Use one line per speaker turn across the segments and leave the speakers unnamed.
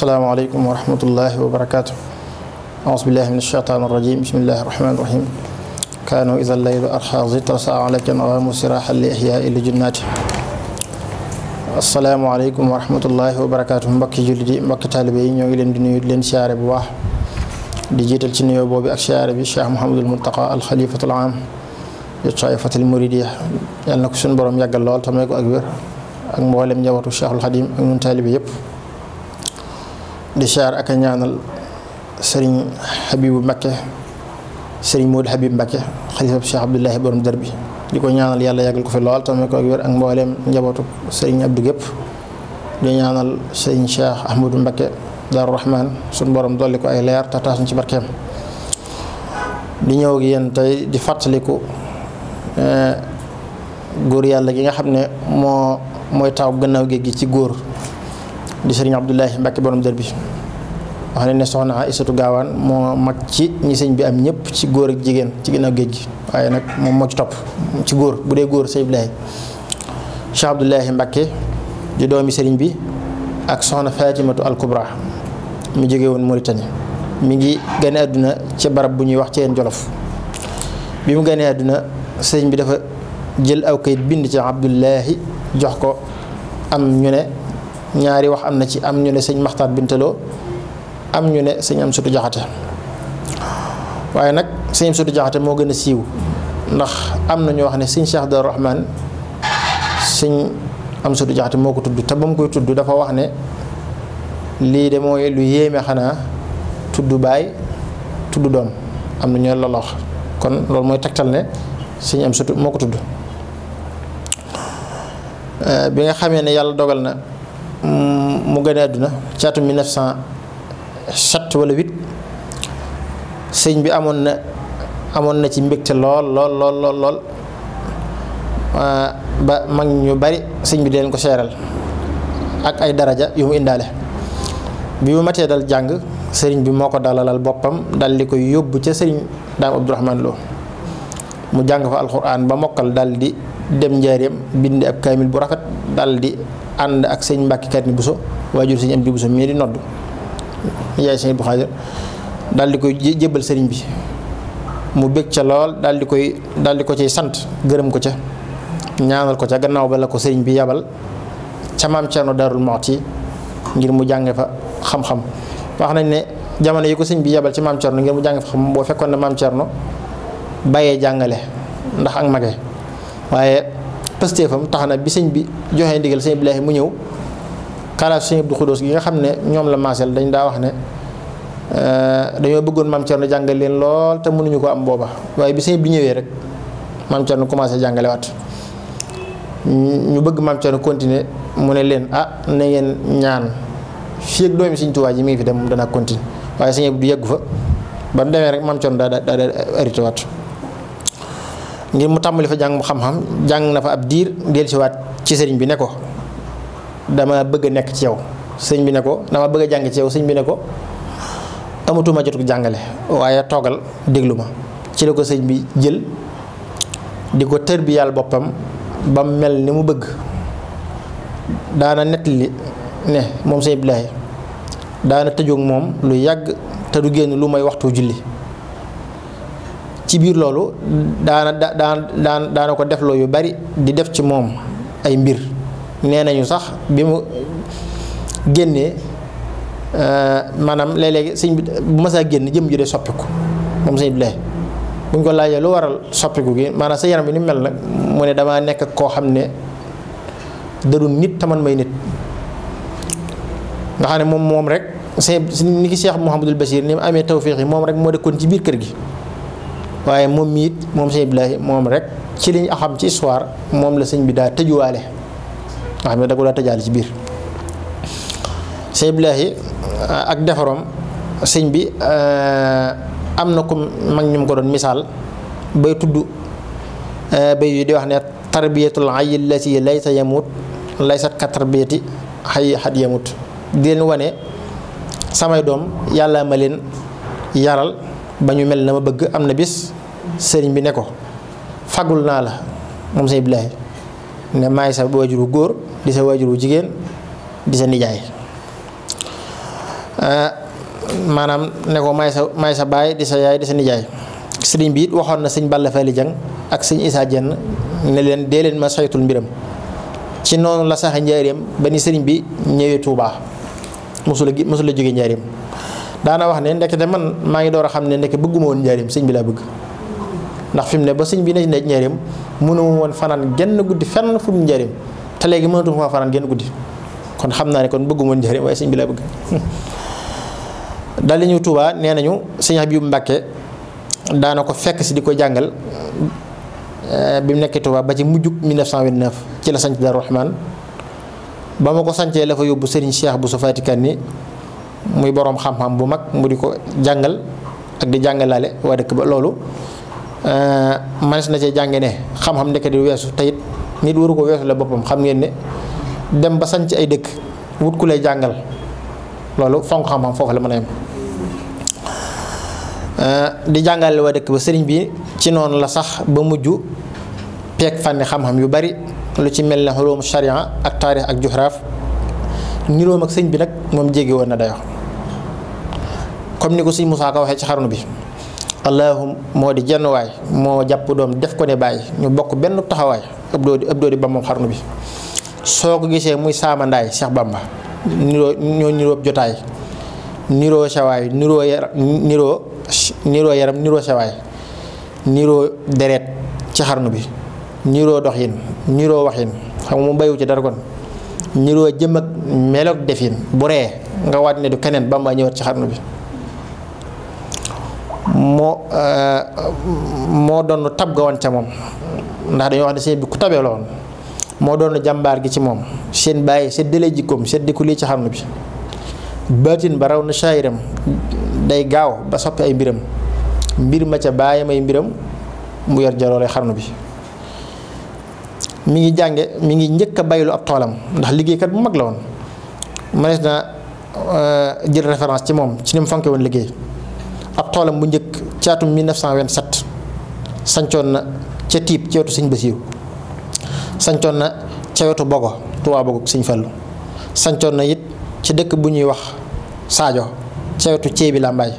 asalaamaaleykum wa rahmatullahi wa barakaatu. auzu billahi min ashaytaani rajim bismillahi rahmaani rahim kaanu ida leylu arxa zitra saalaken waamu siraxal li ixyaai li junnaati asalaamaaleykum wa rahmatullahi wa barakaatu mbokki jullit mbokki taalibe yi ñoo ngi leen di nuyu di leen siyaare bu baax di jiital ci nuyoo boobu ak siyaare bi cheikh mohamadul muntaqa alxalifatul am li taifatil muridiya yal na ko suñu borom yàggal lool tamay ko ak wér ak mboolem njabootu cheikhul xadim ak ñun taalibe yëpp di siyaar ak a ñaanal sëriñ Habibu Mbakke sëriñ Modou Habib Mbacke xalifab Cheikh Abdoulahi borom dër bi di ko ñaanal yàlla yàggal ko fi lool tamit ko ak wér ak mbooleem njabootu sëriñ Abdou gépp di ñaanal sëriñ Cheikh Ahmadou Mbacke Daaru Rahman suñu borom dolli ko ay leer te taas ñu ci barkeem di ñëw ak yéen tey di fàttaliku eh, góor yàlla gi nga xam ne moo mooy taw gannaaw géej gi ci góor di sëriñ Abdoulahi Mbacke borom dër bi wax ne ne soxna Aysatu Gaawaan moo mag ci ñi sëñ bi am ñëpp ci góor ak jigéen ci ginnaaw géej gi waaye nag moom moo ci topp ci góor bu dee góor sëñ Ibrahima Cheikh Abdoulahi Mbakke di doomi sëriñ bi ak soxna Fatimatu al Kubra mu jóge woon Mauritanie mi ngi gane àdduna ci barab bu ñuy wax ci yeen Jolof bi mu ganee àdduna sëriñ bi dafa jël aw kayit bind ci Abdoulahi jox ko am ñu ne ñaari wax am na ci am ñu ne sëñ Maxtaar Bintaloo am ñu ne sëñ am sutu jaxate waaye nag sëñ am sutu jaxate moo gën a siiw ndax am na ñu wax ne sëñ Cheikh Abdou Rahman sëñ am sutu jaxate moo ko tudd te ba mu koy tudd dafa wax lii de mooy lu yéeme xanaa tudd baay tudd doom am na ñu la kon loolu mooy tegtal ne sëñ am sutu moo ko tudd bi nga xamee ne yàlla dogal na mu gën a àdduna ci atum 1900 sept wala huit sëñ bi amoon na amoon na ci mbégte lool lool lool lool lool ba mag ñu bari sëñ bi di leen ko seeral ak ay daraja yu mu indaale bi mu matee dal jàng sëriñ bi moo ko dalalal boppam dal di koy yóbbu ca sëriñ daam Abdourahman Lo mu jàng fa alxuraan ba mokkal dal di dem njaareem bind ab kaamil bu rafet dal di ànd ak sëñ mbàkki kat ni buso waajur sëñ am di buso mii di nodd yaay sëñ Abdou Khadir daal di koy jébbal sëriñ bi mu bég ca lool daal di koy daal di ko ciy sant gërëm ko ca ñaanal ko ca gannaaw ba la ko sëriñ bi yabal ca maam Cerno Daarul Muxti ngir mu jànge fa xam-xam nañ ne jamono yi sëñ bi yabal ci maam Cerno ngir mu jànge boo fekkoon ne maam Cerno bàyyee jàngale ndax ak mage waaye pëstéefam tax na bi sëñ bi joxee ndigal sëñ Ibrahima mu ñëw xalaat sëñ Abdou Khoudous gi nga xam ne ñoom la maasel dañ daa wax ne euh, dañoo bëggoon maam Thierno jàngal leen lool te mënuñu ko am booba waaye bi sëñ bi ñëwee rek maam Thierno commencé jàngale ñu bëgg maam Thierno mu ne leen ah na ngeen ñaan fii ak doomi sëñ Tuubaa ji mi ngi fi dem dana continuer waaye sëñ Abdou yeggu fa ba mu demee rek maam Thierno daa daa daa arrêté waat ngir mu tàmbali fa jàng mu xam-xam jàng na fa ab diir dellusiwaat ci sëriñ bi ne ko. dama bëgg nekk ci yow sëñ bi ne ko dama bëgg a jàng ci yow sëñ bi ne ko amatuma jotug jàngale waaye toogal déglu ma ci la ko sëñ bi jël di ko tërbiyaal boppam ba mel ni mu bëgg daana nettali ne moom sëñ Ibrahima daana tëjoog moom lu yàgg te du génn lu may waxtu julli ci biir loolu daana daan daan daana ko defloo yu bari di def ci moom ay mbir nee nañu sax bi mu génnee euh, maanaam léeg-léeg sëñ bi bu masaa génn jëm ji de soppiku moom sëñ bi bu ñu lu waral soppiku gi maanaam sa yaram bi ni mel nag mu ne damaa nekk koo xam ne dadu nit taman may nit nga xam ne moom moom rek si ni ki Cheikh Mouhamadul Bachir ni mu amee tawféex yi moom rek moo dëkkoon ci biir kër gi waaye moom miit moom sëñ Ibrahima moom rek ci liñ axam ci histoire moom la sëñ bi daa tëjuwaale waa xam ne da ko daa tëjaale biir sëñ Iblaahi ak defaroom sëñ bi eh, am na ku mag ñu ko doon misaal bay tudd eh, bay yu di wax ne tarbiyatul ayyi lati laysa yamut laysat ka tarbiyati xay xat yamut di leen wane samay doom yàlla ma leen yaral ba ñu mel na ma bëgg am na bis sëriñ bi ne ko fagul naa la moom sëñ Iblaahi ne maay sa waajuru góor di sa waajur wu jigéen di sa nijaay ah, maanaam ne ko may sa may sa baay di sa yaay di sa nijaay sëriñ bi it waxoon na sëñ Balla Fally Dieng ak sëñ Issa Dieng ne leen dee leen ma saytul mbiram ci noonu la sax njaareem ba ni sëriñ bi ñëwee Touba mosula mosula jóge njaareem daana wax ne ndekete man maa ngi door a xam ne ndekk bëgguma woon njaareem sëñ bi laa bëgg ndax fi mu ne ba sëñ bi ne njaareem mënu woon fanaan genn guddi fenn fu mu njaareem te léegi mënatu ma fanaan génn guddi kon xam naa ne kon bëgguma njëriñ waaye sëñ bi laa bëgg daal di ñëw tubaa nee nañu sëñ Habibu Mbàkke daana ko fekk si di ko jàngal eh, bi mu nekkee Tuubaa ba ci mujjug 1929 ci la sanc Daaru Rahmaan ba ma ko sancee la fa yóbbu Serigne Cheikh bu su Fatikan ni muy boroom xam-xam bu mag mu di ko jàngal ak di jàngalaale waa dëkk ba loolu eh, manes na cee jànge ne xam-xam ndekk di weesu teyit nit waru ko weesu la boppam xam ngeen ne dem ba sañ ci ay dëkk wut ku lay jàngal loolu fonk xam-xam foofu la mën a yem eh, di jàngale waa dëkk ba sëriñ bi ci noonu la sax ba mujj peeg fànni xam-xam yu bari lu ci mel ne xulum sharia ak taarix ak juxraaf niroom ak sëñ bi nag moom jéggi woon na dayo comme ni ko siñ Moussa ko waxee ci xarnu bi allahum moo di jenn waay moo jàpp doom def ko ne bàyyi ñu bokk benn taxawaay ëpp doodi ëpp doodi bambam xarnu bi soo ko gisee muy saama ndaay Cheikh Bamba niroo ñoo niroo jotaay niroo sawaay niroo yaram niroo niroo niroo deret ci xarnu bi niroo doxin niroo waxin xam nga mu bayu ci dara kon niroo jëm ak meloog defin bu ree nga waat ne du keneen Bamba ñëwaat ci xarnu bi moo euh, moo doon tab ga ca moom ndax dañoo wax ne sëñ bi ku tabe la moo doon jàmbaar gi ci moom seen bàyyi séddale jikkoom séddiku lii ci xam ne bi baatin ba raw na shaayiram day gaaw ba soppe ay mbiram mbir ma ca bàyyi may mbiram mu yor jaloore xarnu bi mu ngi jànge mi ngi njëkk a baylu ab toolam ndax liggéeykat bu mag la woon mënees na euh, jël référence ci moom ci ni mu fonke woon liggéey ab toolam bu njëkk caatum 1927 sancoon na ca tiib ci wetu sëñ Basiiru sancoon na ca wetu bogo Tuubaa bogo Fallu sancoon na it ci dëkk bu ñuy wax Saajo ca wetu ceebi làmbaay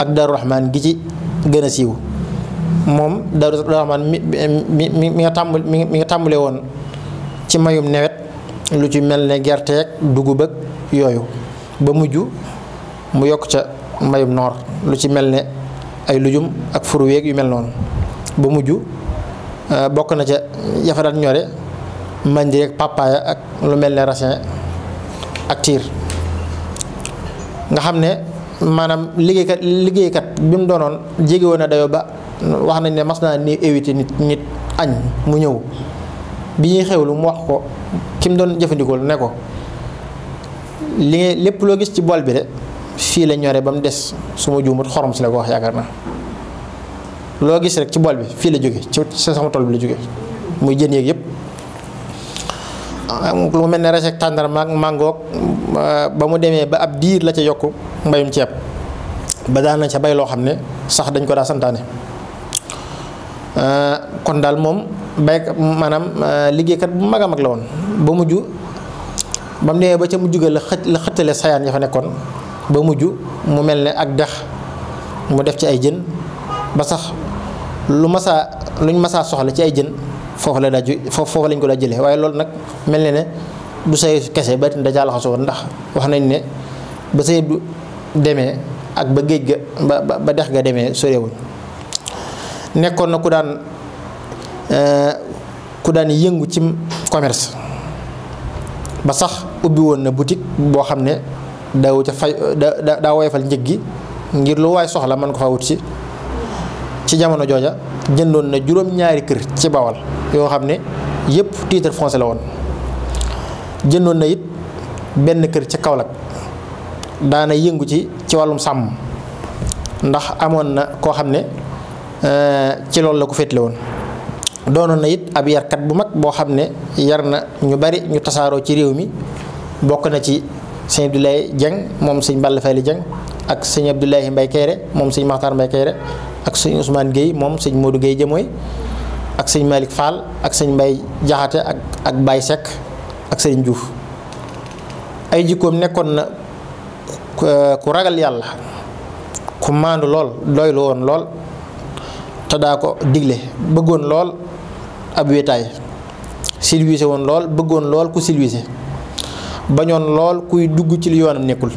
ak Daaru Raxmaan gi ci gën a siiw moom Daaru Raxmaan mi mi mi nga tàmbali tàmbalee woon ci mayum nawet lu ci mel ne gerteeg dugub ak yooyu ba mujj mu yokk ca mayum noor lu ci mel ne ay lujum ak furuweeg yu mel noonu ba mujj euh, bokk na ca yafa daan ñore màndireek pàppaaya ak lu mel ne raisin ak tiir nga xam ne maanaam liggéeykat liggéeykat bi mu doonoon jege woon na dayoo ba wax nañ ne mas naa ni éviter nit nit añ mu ñëw bi ñuy xewlu mu wax ko ki mu doon jëfandikoo ne ko li lépp loo gis ci bool bi de fii la ñore ba mu des su ma juumut xorom si la ko wax yaakaar naa loo gis rek ci bool bi fii la jóge ci sama tool bi la jóge muy jën yépp yëpp ah, lu mel ne rejec tàndar ma màngoog ah, ba mu demee ba ab diir la ca yokk mbayum ceeb ba daana ca bay loo xam ne sax dañ ko daa santaane ah, kon daal moom bay maanaam liggéeykat bu mag mag la woon ba mujj ba mu demee ba ca mujj ga la xëj la xëttale sayaan ya fa nekkoon ba mujj mu mel ni ak dex mu def ci ay jën ba sax lu masaa luñ masaa soxla ci ay jën foofu la daa ju foofu lañ ko daa jëlee waaye loolu nag mel na ne du say kese ba itam da caa laxasoo ndax wax nañ ne ba say du demee ak ba géej ga ba ba dex ga demee sorewuñ nekkoon na ku daan eh, ku daan yëngu ci commerce ba sax ubbi woon na boutique boo xam ne daw ca fay daa daa woyofal njëg gi ngir lu waay soxla mën ko fa wut si ci jamono jooja jëndoon na juróom-ñaari kër ci bawal yoo xam ne yëpp titre foncier la woon jëndoon na it benn kër ci Kaolack daana yëngu ci ci wàllum sàmm ndax amoon na koo xam ne euh, ci loolu la ko féetle woon doonoon na it ab yarkat bu mag boo xam ne yar na ñu bari ñu tasaaroo ci réew mi bokk na ci sëñ Abdoulaye Dieng moom sëñ Balla Fally Dieng ak sëñ Abdoulaye Mbaye Kéré moom sëñ Makhtar Mbaye Kéré ak sëñ Ousmane Guèye moom sëñ Modou Guèye jëmooy ak sëñ Malick Fall ak sëñ Mbay Jaxate ak ak Baye Seck ak sëñ Diouf ay jikkoom nekkoon na euh, ku ragal yàlla ku maandu lool doylu woon lool te daa ko digle bëggoon lool ab wéetaay silwiise woon lool bëggoon lool ku silwiise bañoon lool kuy dugg ci lu yoonam nekkul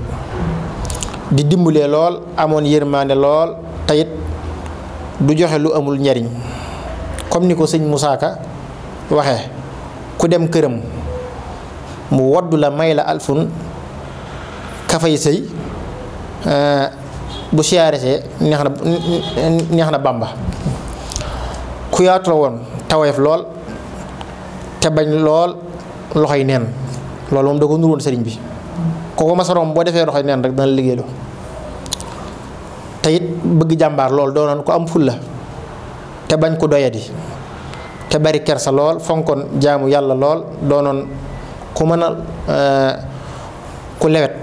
di dimbalee lool amoon yërmaande lool tayit du joxe lu amul njariñ comme ni ko sëñ Moussa Ka waxee ku dem këram mu wodd la may la alfun kafay sëy eh, bu siyaaresee neex na neex na bàmba ku yaatu la woon taweef lool te bañ lool loxoy neen loolu moom da ko nuroon sëriñ bi kooku masaroom boo defee loxoy neen rek dana liggéeyloo te it bëgg jàmbaar lool doonoon ko am fulla te bañ ko doyadi te bari kersa lool fonkoon jaamu yàlla lool doonoon ku mën a eh, ku lewet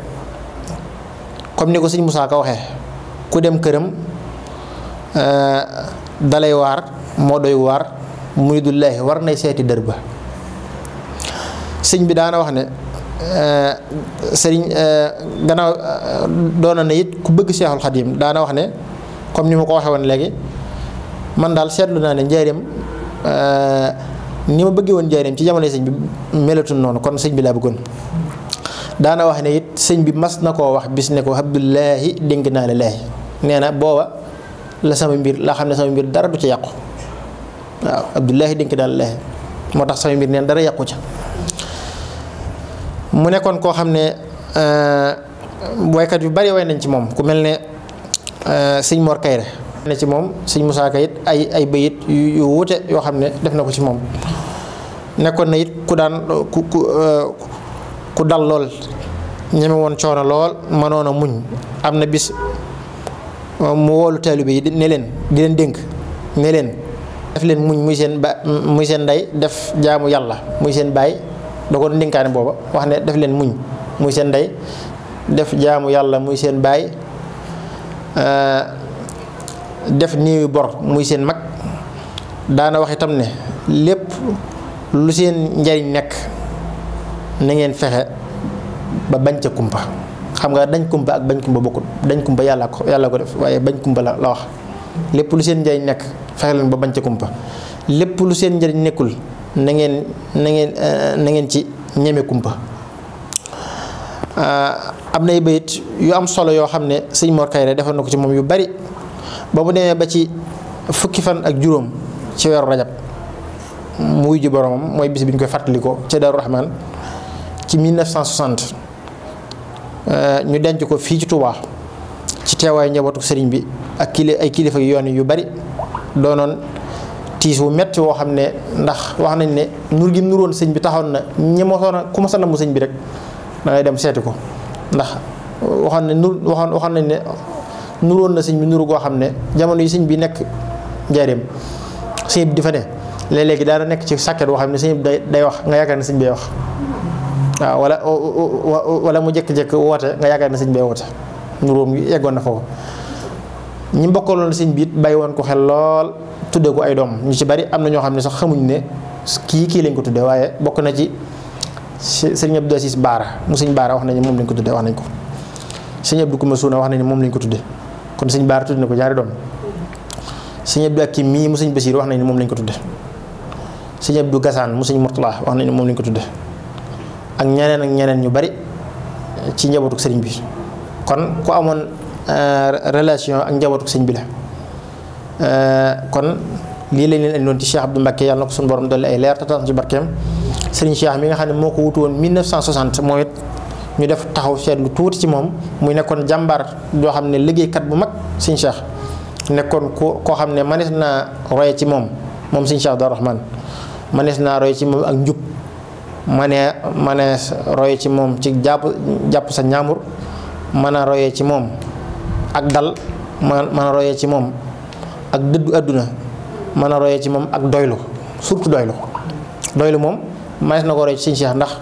comme ni ko sëñ Moussa ko waxee ku dem këram eh, dalay waar moo doy waar muy dullaahi war nay seeti dër ba sëñ bi daana wax ne Euh, sëriñ euh, gannaaw euh, doona na it ku bëgg seexul xadim daana wax ne comme ni ma ko waxee woon léegi man daal seetlu naa ne njaareem ni ma bëggee woon njaareem ci jamono sëñ bi melatul noonu kon sëñ bi laa bëggoon daana wax ne it sëñ bi mas na koo wax bis ne ko Abdullahi dénk naa la laahi nee na booba la sama mbir laa xam ne sama mbir dara du ca yàqu waaw Abdullahi dénk naa la laahi moo tax sama mbir neen dara yàqu ca mu nekkoon koo xam ne euh, waykat yu bari way nañ ci moom ku mel ne euh, sëñ Mor Kayre ne ci moom sëñ Moussa Ka ay ay bayit yu wuute yoo xam ne def na ko ci moom nekkoon na it ku daan ku ku euh, ku dal lool ñeme woon coono lool mënoon a muñ am na bis mu woolu taalibe yi ne leen di leen dénk ne leen def leen muñ muy seen ba muy seen ndey def jaamu yàlla muy seen baay da ko ninkaane booba wax ne def leen muñ muy seen ndey def jaamu yàlla muy seen baay euh, def niiwi bor muy seen mag daana wax itam ne lépp lu seen njariñ nekk na ngeen fexe ba bañ ca kumpa xam nga dañ kumpa ak bañ kumpa bokkut dañ kumpa yàlla ko yàlla ko def waaye bañ kumpa la la wax lépp lu seen njariñ nekk fexe leen ba bañ ca kumpa lépp lu seen njariñ nekkul na ngeen nangeen eh, ngeen ci ñeme kumpa eh, am nay bayit yu am solo yoo xam ne sëñ Mor Kayre defoon na ko ci moom yu bari ba mu demee ba ci fukki fan ak juróom ci weeru rajab mu wuyu ji boromam mooy bis bi ñu koy fàttalikoo ca Daaru Rahman ci 1960 eh, ñu denc ko fii ci Touba ci teewaayu njabootu sëriñ bi ak kili ay kilifa yoon yu bari doonoon. tiis wu metti woo xam ne ndax wax nañ ne nur gi nuroon sëñ bi taxoon na ñi mosoon a ku mosa na mu sëñ bi rek da ngay dem seeti ko ndax waxoon ne nur waxoon waxoon nañ ne nuroon na sëñ bi nuru goo xam ne jamono yi sëñ bi nekk njaareem sëñ bi di fa ne léegi daana nekk ci sàkket boo xam ne sëñ bi day day wax nga yaakaar ne sëñ bi wax waaw wala wala mu jékki-jékki woote nga yaakaar ne sëñ bi woote nuróom gi eggoon na foofu sëñ bi it bàyyi woon ko xel lool tudde ko ay doom ñu ci bari am na ñoo xam ne sax xamuñ ne kii kii lañ ko tuddee waaye bokk na ci sëñ Abdou Aziz Baara mu sëñ Baara wax nañu moom lañ ko tuddee wax nañ ko sëñ Abdou Kouma Suuna wax nañu moom lañ ko tuddee kon sëñ Baara tuddee na ko ñaari doom sëñ Abdou Akim mii mu sëñ Basiir wax nañu moom lañ ko tuddee sëñ Abdou Gassane mu sëñ Mourtala wax nañu moom lañ ko tuddee ak ñeneen ak ñeneen ñu bari ci njabootu sëriñ bi kon ku amoon euh, relation ak njabootu sëñ bi la. Euh, kon lii lañ leen andiloon ci Cheikh Abdou Mbacké yàlla na ko suñu borom dolli ay leer tataan ci barkeem sëriñ Cheikh mi nga xam ne moo ko wutu woon 1960 moom it ñu def taxaw seetlu tuuti ci moom muy nekkoon jàmbaar joo xam ne liggéeykat bu mag sëriñ Cheikh nekkoon ko koo xam ne manees naa roye ci moom moom sëriñ Cheikh Darou Rahmane manees naa roye ci moom ak njub manee manees roye ci moom ci jàpp jàpp sa ñaamur mën a roye ci moom ak dal mën a roye ci moom ak dëddu àdduna mën a royee ci moom ak doylu surtout doylu doylu moom manees na ko royee ci sëñ ndax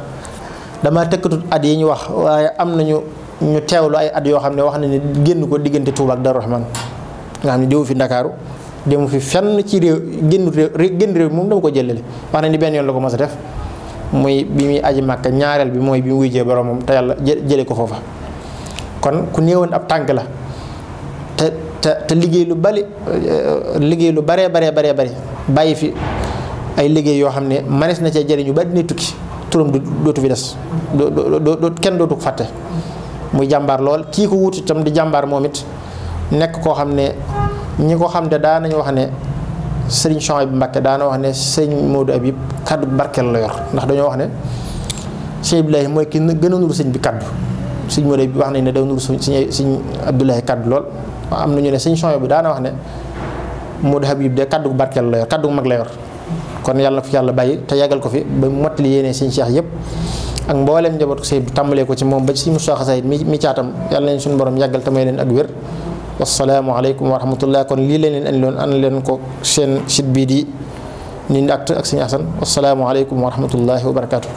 dama tëkkatu at yi ñu wax waaye am nañu ñu teewlu ay at yoo xam ne wax na ne génn ko diggante Touba ak Darou Rahman nga xam ne déwu fi Ndakaaru dému fi fenn ci réew génn réew génn réew moom dama ko jëlale wax na ni benn yoon la ko mas a def muy bi muy aji Màkka ñaareel bi mooy bi mu wujjee moom te yàlla jële ko foofa kon ku néewoon ab tànk la te te liggéey lu bari euh, liggéey lu baree baree baree bare bàyyi fi ay liggéey yoo xam ne manees na cee jëriñu bari dina tukki turam du dootu fi des doo kenn dootu fàtte muy jàmbaar lool kii ko wuti itam di jàmbaar moom it nekk koo xam ne ñi ko xam ne daa nañu wax ne sëriñ Chouaïb Mbacké daana wax ne sëriñ Modou Habib kaddu barkeel la yor ndax dañoo wax ne sëriñ Abdoulaye mooy ki gën a nuru sëñ bi kaddu sëriñ Modou Habib wax nañ ne day nuru sëñ sëñ Abdoulaye kaddu lool am na ñu ne sëñ sooy bi daana wax ne Modou Habib de kaddu barkeel la yor kaddu mag la yor kon yàlla na fi yàlla bàyyi te yàggal ko fi ba mu mottali yéene sëñ Cheikh yëpp ak mbooleem njaboot ko sëñ bi tàmbalee ko ci moom ba si mu Moustapha Saïd mi mi caatam yàlla nañ suñu borom yàggal te may leen ak wér wasalaamu aleykum wa rahmatullah kon lii leen leen andi loon an leen ko seen site bii di Ndindy Actu ak sëñ Assane wasalaamu aleykum wa wa barakaatu.